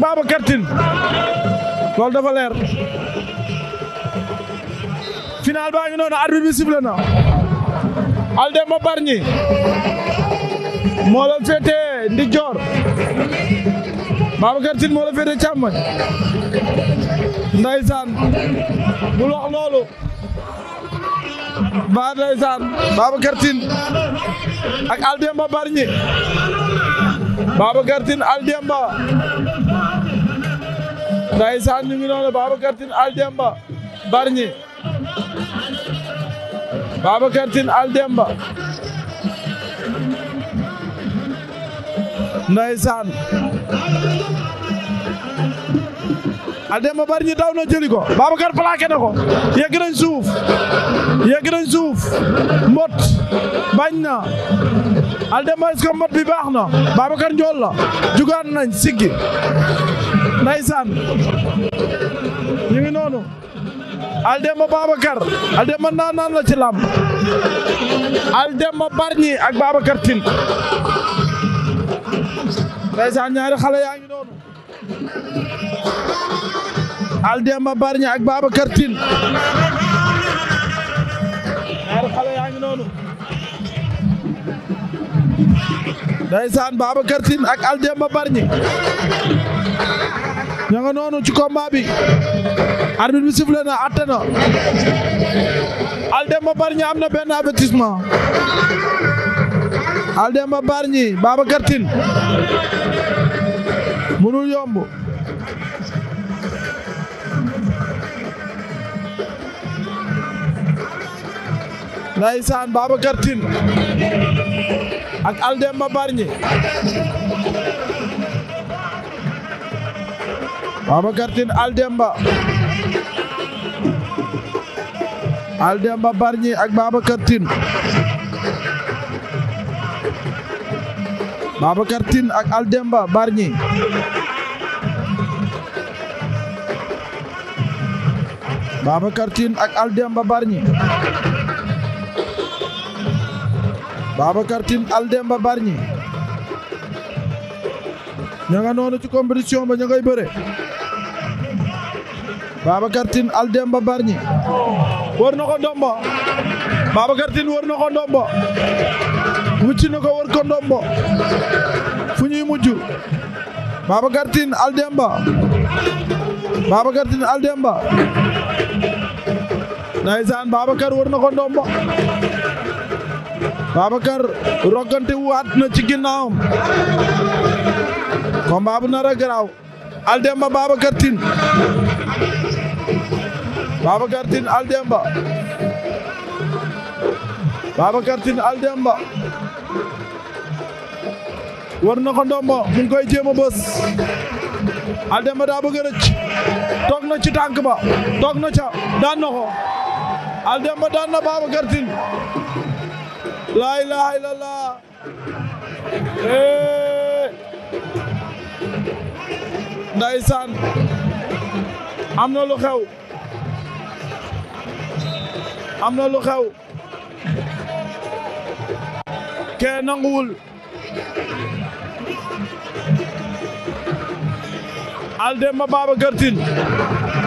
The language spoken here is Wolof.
Babacar Tine loolu dafa leer final baa noonu arbitre bi sifflé na Aldemba Bargny moo la féete ndijoor Babacar Tine moo la féete càmmoñ ndeysaan bul wax loolu ba ndeysaan Babacar Tine ak Aldemba Babacar Tine Aldemba ndaysaan ñu ngi noonu Babacar Tine Aldemba Bargny Babacar Tine Aldemba ndaysaan Aldemba Bargny daw na jëli ko Babacar plaqué na ko yegg nañ suuf yegg nañ suuf mbot bañ na al est-ce que mot bi baax na Babacar Njool la jugaan nañ siggi ndaysaan ñu ngi noonu Aldemba Babacar Aldemba naan naan la ci làmb Aldemba Bargny ak Babacar Tine ndaysaan ñaari xale yaa ñaari xale yaa ngi noonu ndeysaan Babacar Tine ak Aldemba Bargny ña nga noonu ci combat bi arbitre bi sifflé na atte na Aldemba Bargny am na benn avertissement Aldemba Bargny Babacar Tine mënul yomb ndeysaan Babacar Tine ak Aldemba Bargny Babacar Tine Aldemba Aldemba Bargny ak Babacar Tine Babacar Tine ak Aldemba Bargny Babacar Tine ak Aldemba Bargny Babacar Tine Aldemba Bargny ña nga noonu ci compétition ba ña ngay bëre Babacar Tine Aldemba Bargny wër na ko ndombo Babacar Tine wër na ko ndombo wucci na wër ko ndombo fu ñuy mujj Babacar Tine Aldemba Babacar Tine Aldemba ndeysaan Babacar wër na ko ndombo Babacar roggante waat na ci ginnaawam combat bu nar a garaaw Aldemba Babacar Tine Babacar Tine Aldemba Babacar Tine Aldemba war na ko ndombo mu ngi koy jéem bës Aldemba daa bëgg a ci tànk ba toog ca daan na Aldemba daan na Babacar laa ilaaha illallah ee ndeysaan am na lu xew am na lu xew kee nanguwul al demba baaba gërtin